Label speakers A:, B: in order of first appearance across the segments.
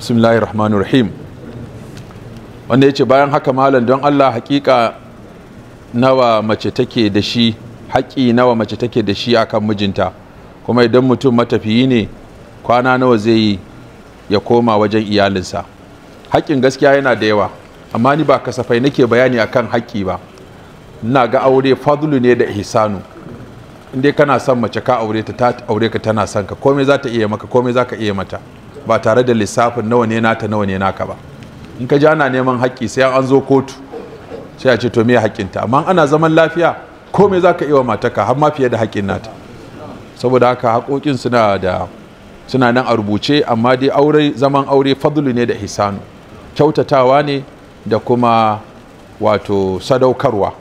A: bismillahirrahmanirrahim wanda ya ce bayan haka malam don allah hakika nawa mace take da shi haƙi nawa mace take da shi akan mijinta kuma idan mutum matafiyi ne kwana nawa zai yi ya koma wajen iyalinsa haƙƙin gaskiya yana da yawa amma ni ba kasafai nake bayani akan haƙƙi ba ina ga aure fadlu ne da ihsanu inda kana son mace ka aure ta aure ka tana son ka komai za ta iya maka komai za ka iya mata ba tare da lissafin nawa ne nata nawa ne naka ba in ka jana neman haƙƙi sai an zo kotu sai a ce to me haƙƙinta amma ana zaman lafiya ko me za ka iya wa mataka har ma fiye da haƙƙin nata saboda haka haƙoƙin suna da suna nan a rubuce amma dai aure zaman aure fadlu ne da hisanu kyautatawa ne da kuma wato sadaukarwa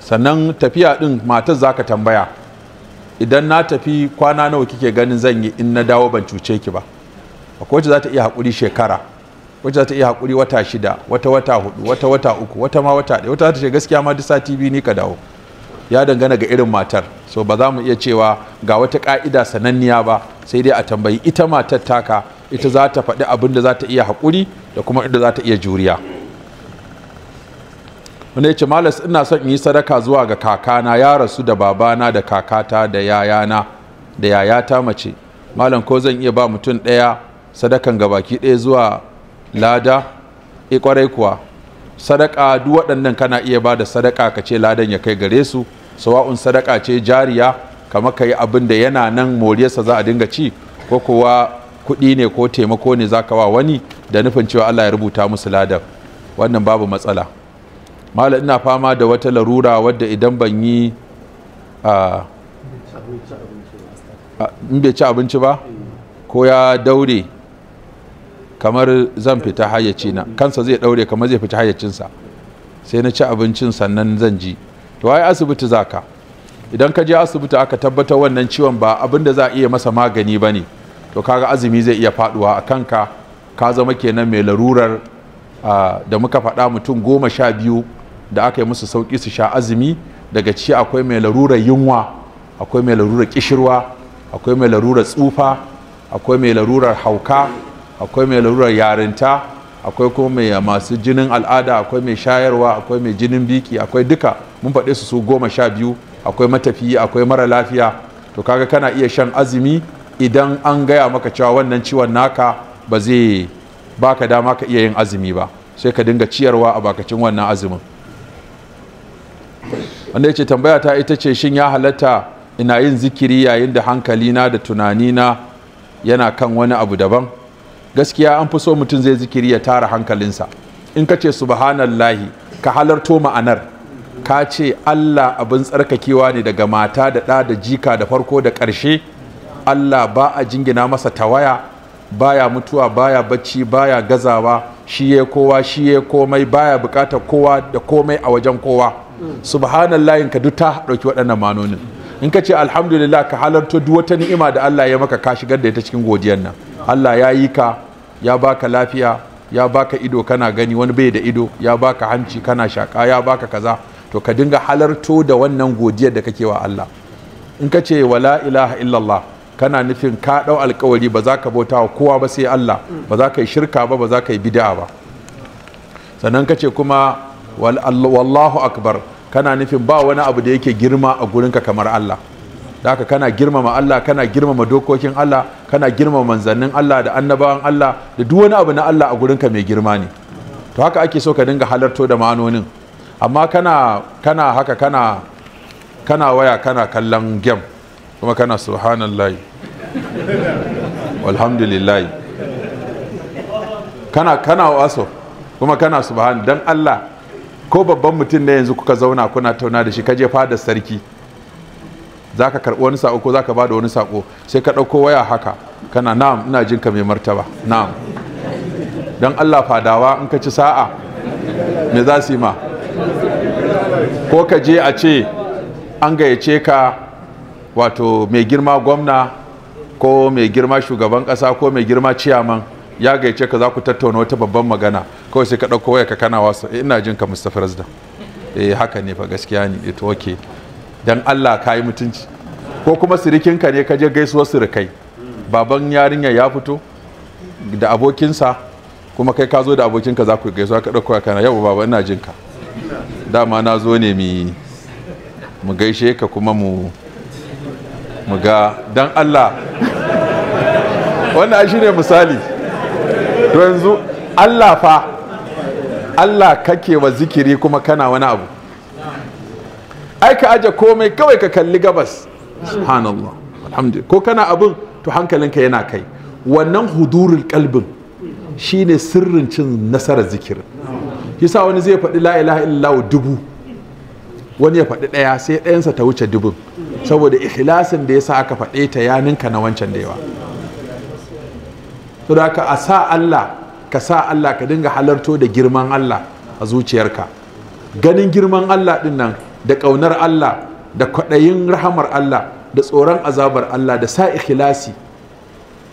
A: sannan tafiya ɗin matar za ka tambaya idan na tafi kwana nawa kike ganin zan yi in na dawo ban cuce ki ba akwai wacce za ta iya haƙuri shekara wacce za ta iya haƙuri wata shida wata wata hudu wata wata uku wata ma wata ɗaya wata za ta ce gaskiya ma duk sati biyu ni ka dawo ya dangana ga irin matar so ba za mu iya cewa ga wata ka'ida sananniya ba sai dai a tambayi ita matar taka ita za ta faɗi abin da za ta iya haƙuri da kuma inda za ta iya juriya wanda ya ce malas ina son in yi sadaka zuwa ga kakana ya rasu da babana da kakata da yayana da yayata mace malam ko zan iya ba mutum ɗaya sadakan gabaki ɗaya zuwa lada e kwarai kuwa sadaka duk waɗannan kana iya ba da sadaka ka ce ladan ya kai gare su sawa'un sadaka ce jariya kama ka yi abin da yana nan moriyarsa za a dinga ci ko kuwa kuɗi ne ko taimako ne za ka wa wani da nufin cewa allah ya rubuta musu ladan wannan babu matsala mala ina fama da wata larura wadda idan ban yi a in bai ci abinci ba ko ya daure kamar zan fita hayyaci na kansa zai daure kamar zai fita hayyacinsa sai na ci abincin sannan zan ji to ai asibiti zaka idan ka je asibiti aka tabbatar wannan ciwon ba abin da za a iya masa magani ba ne to kaga azumi zai iya faduwa a kanka ka zama kenan mai larurar da muka faɗa mutum goma sha biyu da aka yi musu sauƙi su sha azumi daga ci akwai mai larurar yunwa akwai mai larurar kishirwa akwai mai larurar tsufa akwai mai larurar hauka akwai mai larurar yarinta akwai kuma mai masu jinin al'ada akwai mai shayarwa akwai mai jinin biki akwai duka mun faɗe su su goma sha biyu akwai matafiyi akwai mara lafiya to kaga kana iya shan azumi idan an gaya maka cewa wannan ciwon naka ba zai baka dama ka iya yin azumi ba sai ka dinga ciyarwa a bakacin wannan azumin wanda ce tambaya ta ita ce shin ya halatta ina yin zikiri yayin da hankalina da tunanina yana kan wani abu daban gaskiya an fi so mutum zai zikiri ya tara hankalinsa in ka ce subhanallahi ka halarto ma'anar ka ce Allah abin tsarkakewa ne daga mata da ɗa da jika da farko da ƙarshe Allah ba a jingina masa tawaya baya mutuwa baya bacci baya gazawa shi ya kowa shi ya komai baya bukatar kowa da komai a wajen kowa subhanallahi ka duk ta dauki waɗannan manonin in ka ce alhamdulillah ka halarto duk wata ni'ima da Allah ya maka ka shigar da ita cikin godiyar nan Allah ya yi ka ya baka lafiya ya baka ido kana gani wani bai da ido ya baka hanci kana shaka ya baka kaza to ka dinga halarto da wannan godiyar da kake wa Allah in ka ce wala ilaha illallah kana nufin ka dau alkawari ba za ka bauta wa kowa ba sai Allah ba za ka yi shirka ba ba za ka yi bid'a ba sannan ka ce kuma wallahu akbar kana nufin ba wani abu da yake girma a gurinka kamar Allah da haka kana girmama Allah kana girmama dokokin Allah kana girmama manzannin Allah da annabawan Allah da duk wani abu na Allah a gurinka mai girma ne to haka ake so ka dinga halarto da ma'anonin amma kana kana haka kana kana waya kana kallon game kuma kana subhanallah walhamdulillah kana kana waso kuma kana subhan dan Allah ko babban mutum ne yanzu kuka zauna kuna tauna da shi ka je fada sarki za ka karɓi wani sako ko za ka ba da wani sako sai ka ɗauko waya haka kana na'am ina jin ka mai martaba na'am don allah fadawa in ka ci sa'a me za su yi ma ko ka je a ce an gayyace ka wato mai girma gwamna ko mai girma shugaban kasa, ko mai girma ciyaman ya gaice ka za ku tattauna wata babban magana kawai sai ka ɗauko waya ka kana wasa eh, ina jin ka Mustapha Razda eh haka ne fa gaskiya ne ita oke dan Allah ka yi mutunci ko kuma sirikinka ne ka je gaisuwar sirikai baban yarinya ya fito da abokinsa kuma kai ka zo da abokinka za ku gaisuwa ka ɗauko kana yau baba ina jin ka dama na zo ne mi mu gaishe ka kuma mu mu ga dan Allah wannan shi ne misali to yanzu Allah fa Allah kake wa zikiri kuma kana wani abu ai ka aje komai kawai ka kalli gabas subhanallah alhamdulillah ko kana abin to hankalinka yana kai wannan hudurul kalbin shine sirrin cin nasarar zikirin yasa wani zai faɗi la ilaha illallah dubu wani ya faɗi ɗaya sai ɗayansa ta wuce dubu. saboda ikhlasin da yasa aka faɗe ta ya ninka na wancan da yawa to ka a sa Allah ka sa Allah ka dinga halarto da girman Allah a zuciyarka ganin girman Allah din nan da ƙaunar Allah da kwaɗayin rahamar Allah da tsoron azabar Allah da sa ikhlasi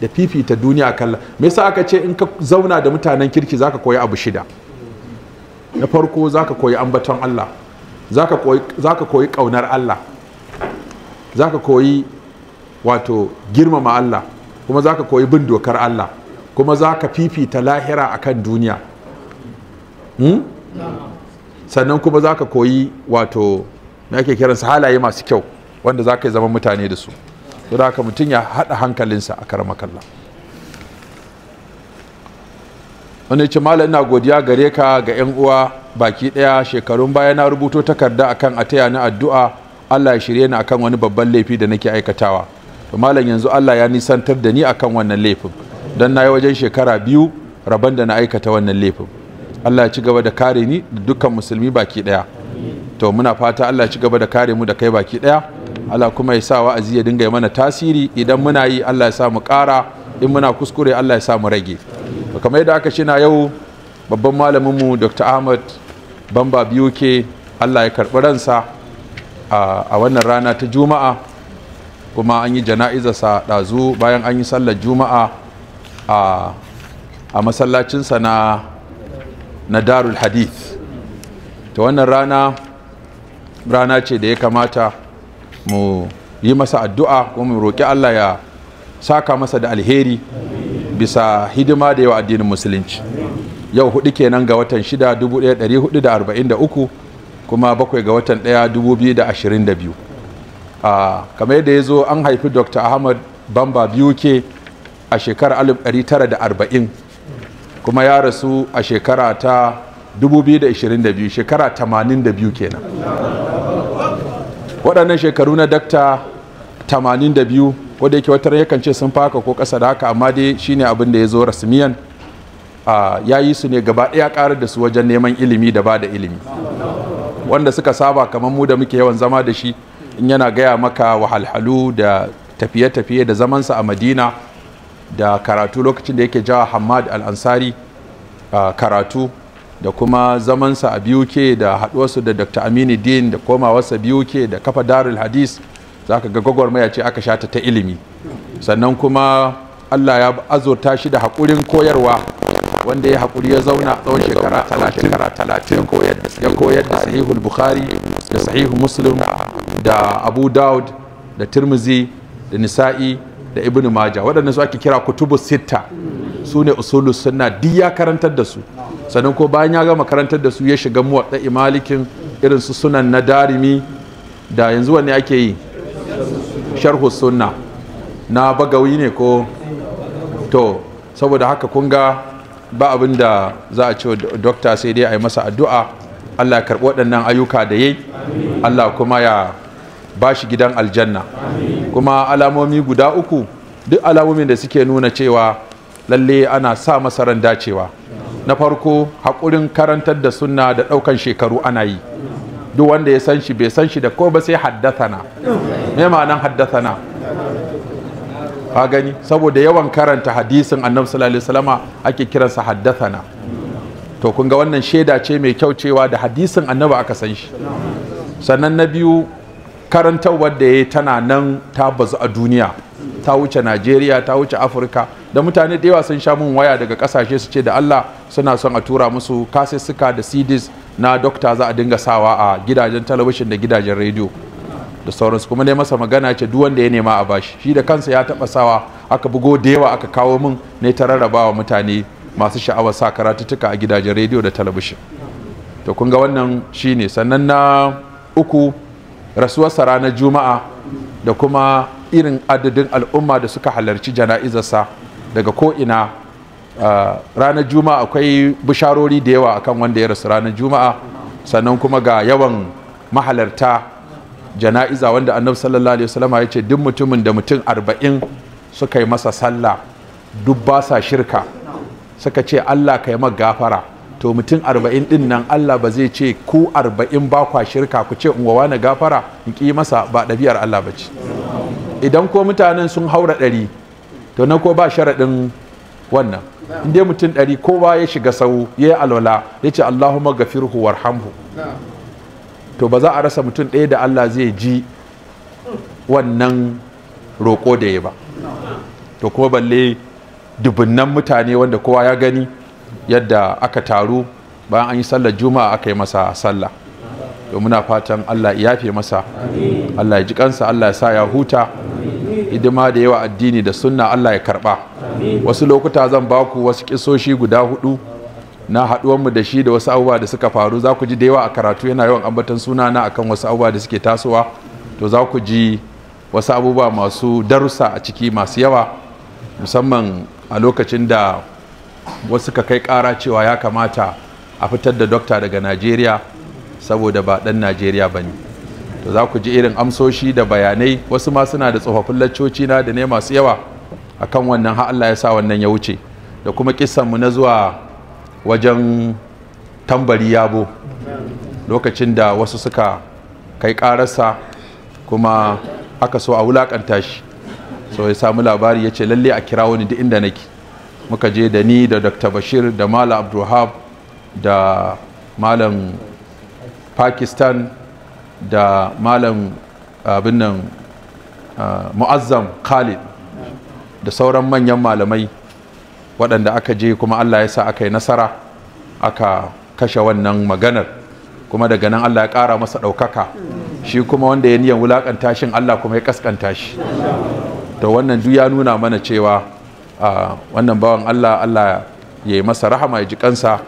A: da fifita duniya kalla me yasa aka ce in ka zauna da mutanen kirki zaka koyi abu shida na farko zaka koyi ambaton Allah zaka koyi zaka koyi kaunar Allah zaka koyi wato girmama Allah kuma zaka koyi bin dokar Allah kuma za ka fifita lahira a kan duniya hmm? sannan kuma za ka koyi wato me ake kiransa halaye masu kyau wanda za ka yi zama mutane da su su da haka mutum ya haɗa hankalinsa a karamakalla wani ce malam ina godiya gare ka ga 'yan uwa baki ɗaya shekarun baya na rubuto takarda akan a taya na addu'a allah ya shirye ni akan wani babban laifi da nake aikatawa to malam yanzu allah ya nisantar da ni akan wannan laifin don na yi wajen shekara biyu rabon da na aikata wannan laifin allah ya ci gaba da kare ni da dukkan musulmi baki daya to muna fata allah ya ci gaba da kare mu da kai baki daya allah kuma ya sa wa'azi ya dinga mana tasiri idan muna yi allah ya sa mu kara in muna kuskure allah ya sa mu rage kamar yadda aka shina yau babban malaminmu dr ahmad bamba biyu ke allah ya karɓi ransa a wannan rana ta juma'a kuma an yi jana'izarsa ɗazu bayan an yi sallar juma'a a masallacinsa na na darul hadith ta wannan rana rana ce da ya kamata mu yi masa addu'a kuma mu roƙi Allah ya saka masa da alheri bisa hidima da yawa addinin musulunci yau hudu kenan ga watan shida kuma bakwai ga watan ɗaya a kamar yadda ya zo an haifi dr ahmad bamba biyu ke a shekarar 1940 kuma ya rasu a shekara ta 2022 shekara 82 kenan waɗannan shekaru na dakta 82 wadda yake wata yakan ce sun faka ko ƙasa da haka amma dai shine abin da ya zo rasmiyan ya yi su ne gaba ɗaya ƙarar da su wajen neman ilimi da ba da ilimi wanda suka saba kamar mu da muke yawan zama da shi in yana gaya maka wahalhalu da tafiye-tafiye da zamansa a madina da karatu lokacin da yake jawa hamad al-ansari karatu da kuma zamansa a BUK da haɗuwarsu da Dr. Aminu Din da komawarsa BUK da kafa Darul Hadis za ka ga gwagwarmaya ce aka shata ta ilimi sannan kuma Allah ya azurta shi da haƙurin koyarwa wanda ya haƙuri ya zauna a tsawon shekara talatin ya koyar da sahihul bukhari da sahihu muslim da abu daud da tirmizi da nisa'i da ibn maja waɗannan su ake kira kutubu sitta su ne usulu sunna duk ya karantar da su sannan ko bayan ya gama karantar da su ya shiga muwadda imalikin irin su sunan na darimi da yanzu wanne ake yi sharhu sunna na bagawi ne ko to saboda haka kun ga ba abin da za a ce dokta sai dai a yi masa addu'a Allah ya karɓi waɗannan ayyuka da yayi Allah kuma ya ba shi gidan aljanna kuma alamomi guda uku duk alamomin da suke nuna cewa lalle ana sa masaran dacewa na farko haƙurin karantar da sunna da ɗaukan shekaru ana yi duk wanda ya san shi bai san shi da ko ba sai haddathana me ma'anan haddathana ka gani saboda yawan karanta hadisin annabi sallallahu alaihi ake kiransa haddathana to kun ga wannan shaida ce mai kyau cewa da hadisin annabi aka san shi sannan na biyu Karantar da ya tana nan ta bazu a duniya ta wuce najeriya ta wuce afirka da mutane da yawa sun sha mun waya daga kasashe su ce da allah suna son a tura musu kasussuka da cds na dokta za a dinga sawa a gidajen talabishin da gidajen rediyo da sauransu kuma ne masa magana ce duk wanda ya nema a bashi shi da kansa ya taba sawa aka bugo da yawa aka kawo min ne ta rarrabawa mutane masu sha'awar sa karatuttuka a gidajen rediyo da talabishin to kun ga wannan shine sannan na uku rasuwarsa ranar juma'a da kuma irin adadin al'umma da suka halarci jana'izarsa daga ko'ina ranar juma'a akwai bisharori da yawa akan wanda ya rasu ranar juma'a sannan kuma ga yawan mahalarta jana'iza wanda annabi sallallahu alaihi wasallam ya ce duk mutumin da mutum arba'in suka yi masa sallah duk ba sa shirka suka ce allah ka yi gafara to mutum arba'in din nan Allah ba zai ce ku arba'in ba kwa shirka ku ce unwawa na gafara in ƙi masa ba ɗabi'ar Allah ba ce idan ko mutanen sun haura ɗari to na ko ba sharaɗin wannan in dai mutum ɗari kowa ya shiga sau ya yi alwala ya ce Allahumma gafirhu warhamhu to ba za a rasa mutum ɗaya da Allah zai ji wannan roƙo da ya ba to kuma balle dubunnan mutane wanda kowa ya gani yadda aka taru bayan an yi sallar juma'a aka yi masa sallah to muna fatan Allah ya fi masa Allah ya ji kansa Allah ya sa ya huta hidima da yawa addini da sunna Allah ya karba wasu lokuta zan ba ku wasu kisoshi guda hudu na haduwanmu da shi da wasu abubuwa da suka faru za ku ji da yawa a karatu yana yawan ambatan na akan wasu abubuwa da suke tasowa to za ku ji wasu abubuwa masu darussa a ciki masu yawa musamman a lokacin da wasu ka kai kara cewa ya kamata a fitar da dokta daga najeriya saboda ba dan najeriya ba ne to za ku ji irin amsoshi da bayanai wasu ma suna da tsofaffin laccoci na da ne masu yawa akan wannan ha allah ya sa wannan ya wuce da kuma mu na zuwa wajen tambari yabo lokacin da wasu suka kai ƙararsa kuma aka so a wulakanta shi so ya samu labari ya ce lalle a kira wani duk inda nake muka je da ni da dr bashir da malam abdulhab da malam pakistan da malam abin nan ah, mu'azzam khalid da sauran manyan malamai waɗanda aka je kuma allah ya sa aka yi nasara aka kashe wannan maganar kuma daga nan allah ya ƙara masa ɗaukaka shi kuma wanda ya niyan wulaƙanta shin allah kuma ya ƙasƙanta shi to wannan duk ya nuna mana cewa wannan bawan Allah Allah ya yi masa rahama ya ji kansa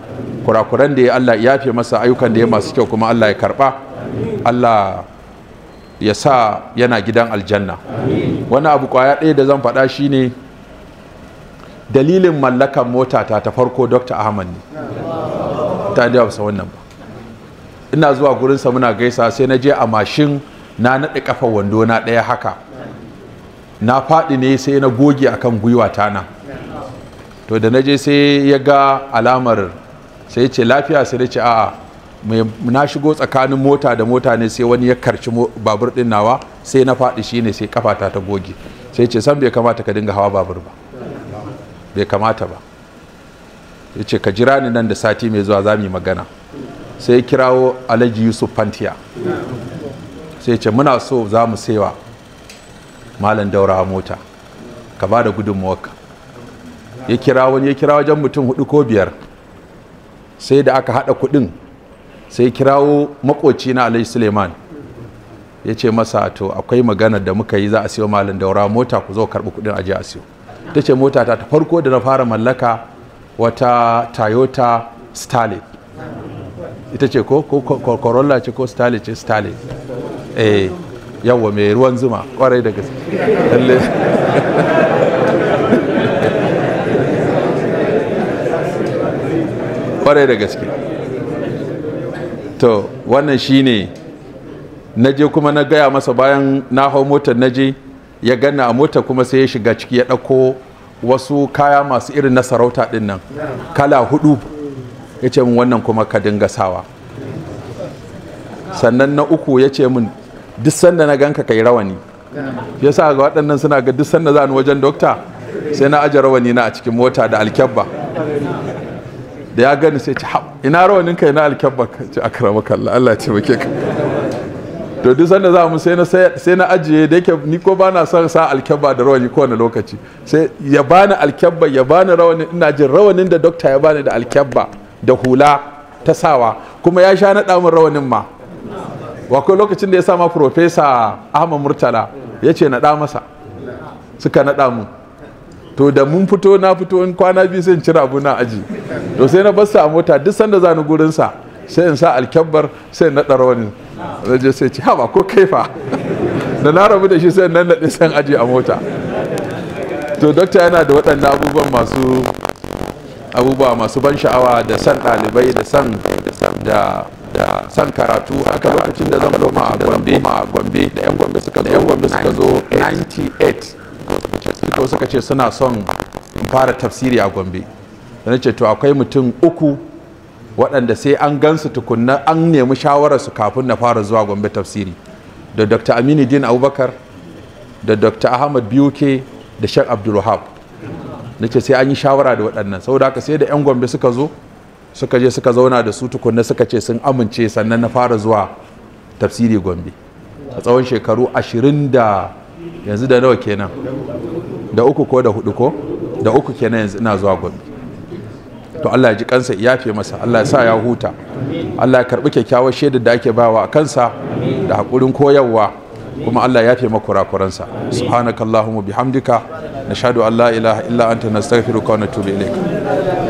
A: kurakuran da ya Allah ya yafe masa ayyukan da ya masu kyau kuma Allah ya karba Allah ya sa yana gidan aljanna wani abu kwaya ɗaya da zan faɗa shine dalilin mallakan mota ta ta farko Dr. Ahmad ne ta da wasa wannan ba ina zuwa gurinsa muna gaisa sai na je a mashin na naɗe kafa wando na ɗaya haka na faɗi ne sai na goge akan gwiwa ta na to da na je sai ya ga alamar sai ce lafiya sai ce a'a na shigo tsakanin mota da mota ne sai wani ya karci babur din nawa sai na faɗi shi ne sai kafata ta goge sai ce san bai kamata ka dinga hawa babur ba bai kamata ba ya ce ka jira ni nan da sati mai zuwa za mu yi magana sai kirawo alhaji yusuf fantiya sai ce muna so za mu saiwa malam daura mota ka ba da gudunmuwarka ya kira wani ya kira wajen mutum hudu ko biyar sai da aka hada kudin sai kirawo makoci na alai suleiman ya ce masa to akwai maganar da muka yi za a siyo malam daura mota ku zo karbi kudin aje a siyo ta ce mota ta farko da na fara mallaka wata toyota starlet ita ce ko corolla ce ko starlet ce starlet eh yawwa mai ruwan zuma kwarai da gaske kwarai da gaske to wannan shine na je kuma na gaya masa bayan na hau motar na je ya gana a mota kuma sai ya shiga ciki ya ɗauko wasu kaya masu irin na sarauta ɗin nan kala hudu ya ce min wannan kuma ka dinga sawa sannan na uku ya ce min duk sanda na ganka ka yi rawani yasa ga waɗannan suna ga duk sanda za ni wajen dokta sai na aje rawani na a cikin mota da alkyabba da ya gani sai ci hap ina rawanin kai na alkyabba ci akrama kallah Allah ce muke ka to duk sanda za mu sai na sai na ajiye da yake ni ko bana son sa alkyabba da rawani kowane lokaci sai ya bani alkyabba ya bani rawani ina jin rawanin da dokta ya bani da alkyabba da hula ta sawa kuma ya sha naɗa min rawanin ma wakwai lokacin da ya sama profesa ahmad murtala ya ce naɗa masa suka naɗa mu to da mun fito na fito in kwana biyu sai in cira abu na aji to sai na basta a mota duk sanda za ni sa sai in sa alkyabbar sai na ɗara wani je sai ce haba ko kaifa da na rabu da shi sai nan naɗe sai aji a mota to dokta yana da waɗannan abubuwan masu abubuwa masu ban sha'awa da san ɗalibai da san da da san karatu haka lokacin da zan koma a gombe a gombe da yan gombe suka zo yan gombe suka zo 98 to suka ce suna son fara tafsiri a gombe da na ce to akwai mutum uku waɗanda sai an gansu tukunna an nemi shawararsu kafin na fara zuwa gombe tafsiri da dr aminu din abubakar da dr ahmad biuke da sheikh abdulwahab na ce sai an yi shawara da waɗannan saboda haka sai da 'yan gombe suka zo suka je suka zauna da su tukunna suka ce sun amince sannan na fara zuwa tafsiri gombe a tsawon shekaru ashirin da yanzu da nawa kenan da uku ko da hudu ko da uku kenan yanzu ina zuwa gombe to Allah ji kansa ya yafe masa Allah ya sa ya huta Allah ya karbi kyakkyawar shaidar da ake bawa a kansa da hakurin koyarwa kuma Allah ya yafe makurakuransa subhanakallahumma bihamdika nashhadu an la ilaha illa anta nastaghfiruka wa natubu ilaik